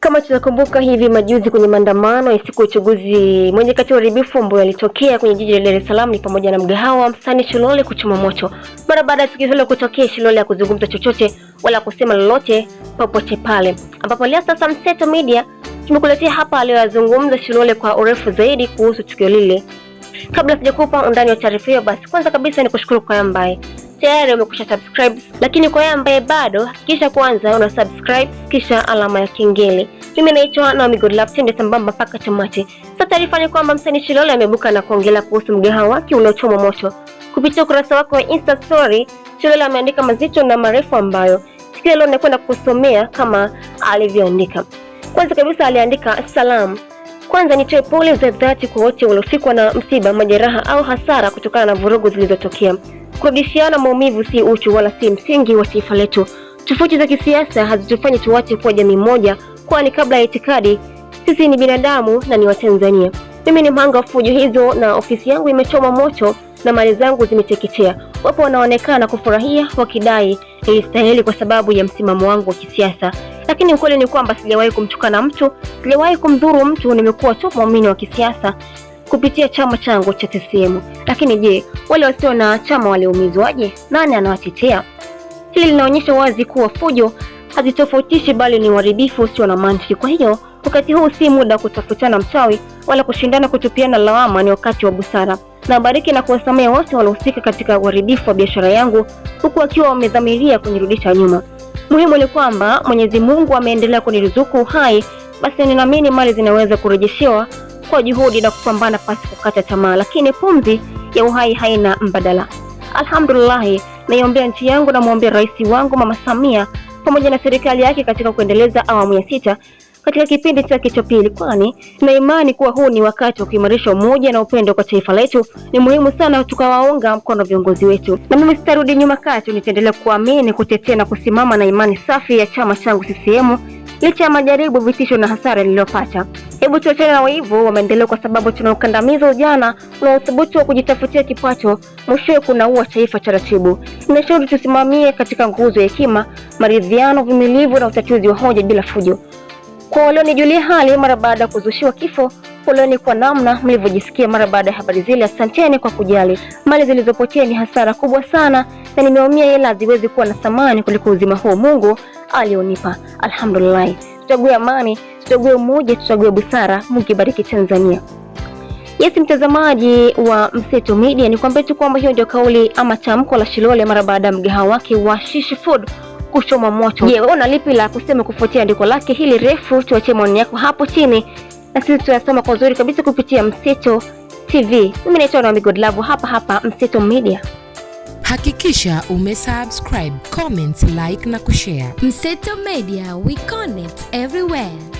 Kama tunakumbuka hivi majuzi kwenye maandamano ya siku ya uchaguzi, mwenye kati ya uharibifu ambayo yalitokea kwenye jiji la Dar es Salaam ni pamoja na mgahawa wa Msanii Shilole kuchoma moto. Mara baada ya tukio hilo kutokea, Shilole hakuzungumza chochote wala kusema lolote popote pale, ambapo leo sasa Mseto Media tumekuletea hapa aliyoyazungumza Shilole kwa urefu zaidi kuhusu tukio lile. Kabla sijakupa undani wa taarifa hiyo, basi kwanza kabisa ni kushukuru kwa ambaye tayari umekusha subscribe, lakini kwa yeye ambaye bado hakikisha kwanza una subscribe kisha alama ya kengele. Mimi naitwa Naomi Godlove, twende sambamba mpaka tamati. Sasa taarifa ni kwamba msanii Shilole ameibuka na kuongelea kuhusu mgahawa wake unaochoma moto. Kupitia ukurasa wake wa Insta story, Shilole ameandika mazito na marefu ambayo sikia leo nakwenda kusomea kama alivyoandika. Kwanza kabisa aliandika salamu kwanza nitoe pole za dhati kwa wote waliofikwa na msiba, majeraha au hasara kutokana na vurugu zilizotokea. Kurudishiana maumivu si uchu wala si msingi wa taifa letu. Tofauti za kisiasa hazitufanyi tuwache kuwa jamii moja, kwani kabla ya itikadi sisi ni binadamu na ni Watanzania. Mimi ni mhanga wa fujo hizo, na ofisi yangu imechoma moto na mali zangu zimeteketea. Wapo wanaonekana kufurahia wakidai ilistahili kwa sababu ya msimamo wangu wa kisiasa lakini ukweli ni kwamba sijawahi kumtukana mtu, sijawahi kumdhuru mtu. Nimekuwa tu muumini wa kisiasa kupitia chama changu cha CCM. Lakini je, wale wasio na chama waliumizwaje? Nani anawatetea? Hili linaonyesha wazi kuwa fujo hazitofautishi bali ni uharibifu usio na mantiki. Kwa hiyo wakati huu si muda wa kutafutana mchawi wala kushindana kutupiana lawama, ni wakati wa busara. Na bariki na kuwasamehe wote waliohusika katika uharibifu wa biashara yangu, huku wakiwa wamedhamiria kunirudisha nyuma. Muhimu ni kwamba Mwenyezi Mungu ameendelea kuniruzuku uhai, basi ninaamini mali zinaweza kurejeshewa kwa juhudi na kupambana pasi kukata tamaa, lakini pumzi ya uhai haina mbadala. Alhamdulillah, naiombea nchi yangu, namwombea rais wangu Mama Samia pamoja na serikali yake katika kuendeleza awamu ya sita katika kipindi chake cha pili, kwani na imani kuwa huu ni wakati wa kuimarisha umoja na upendo kwa taifa letu. Ni muhimu sana tukawaunga mkono viongozi wetu, na mimi sitarudi nyuma kati, nitaendelea kuamini, kutetea na kusimama na imani safi ya chama changu CCM licha ya majaribu, vitisho na hasara niliyopata. Hebu tuachane na wivu wa maendeleo, kwa sababu tuna ujana na uthubutu wa kujitafutia kipato, mwishowe kunaua taifa taratibu. Nashauri tusimamie katika nguzo ya hekima, maridhiano, vumilivu na utatuzi wa hoja bila fujo. Kwa walionijulia hali mara baada ya kuzushiwa kifo, poleni kwa namna mlivyojisikia mara baada ya habari zile. Asanteni kwa kujali. Mali zilizopotea ni hasara kubwa sana, na nimeumia, ila haziwezi kuwa na thamani kuliko uzima huu Mungu alionipa. Alhamdulillah, tutague amani, tutague umoja, tutague busara. Mungu ibariki Tanzania. Yes, mtazamaji wa Mseto Media, ni kwambie tu kwamba hiyo ndio kauli ama tamko la Shilole mara baada ya mgahawa wake wa Shishi Food kuchomwa moto. Je, wewe una lipi la kusema kufuatia andiko lake hili refu? Tuachie maoni yako hapo chini na sisi tunasoma kwa uzuri kabisa kupitia Mseto TV. Mimi naitwa Naomi Godlove hapa hapa Mseto Media. Hakikisha umesubscribe, comment, like na kushare. Mseto Media, we connect everywhere.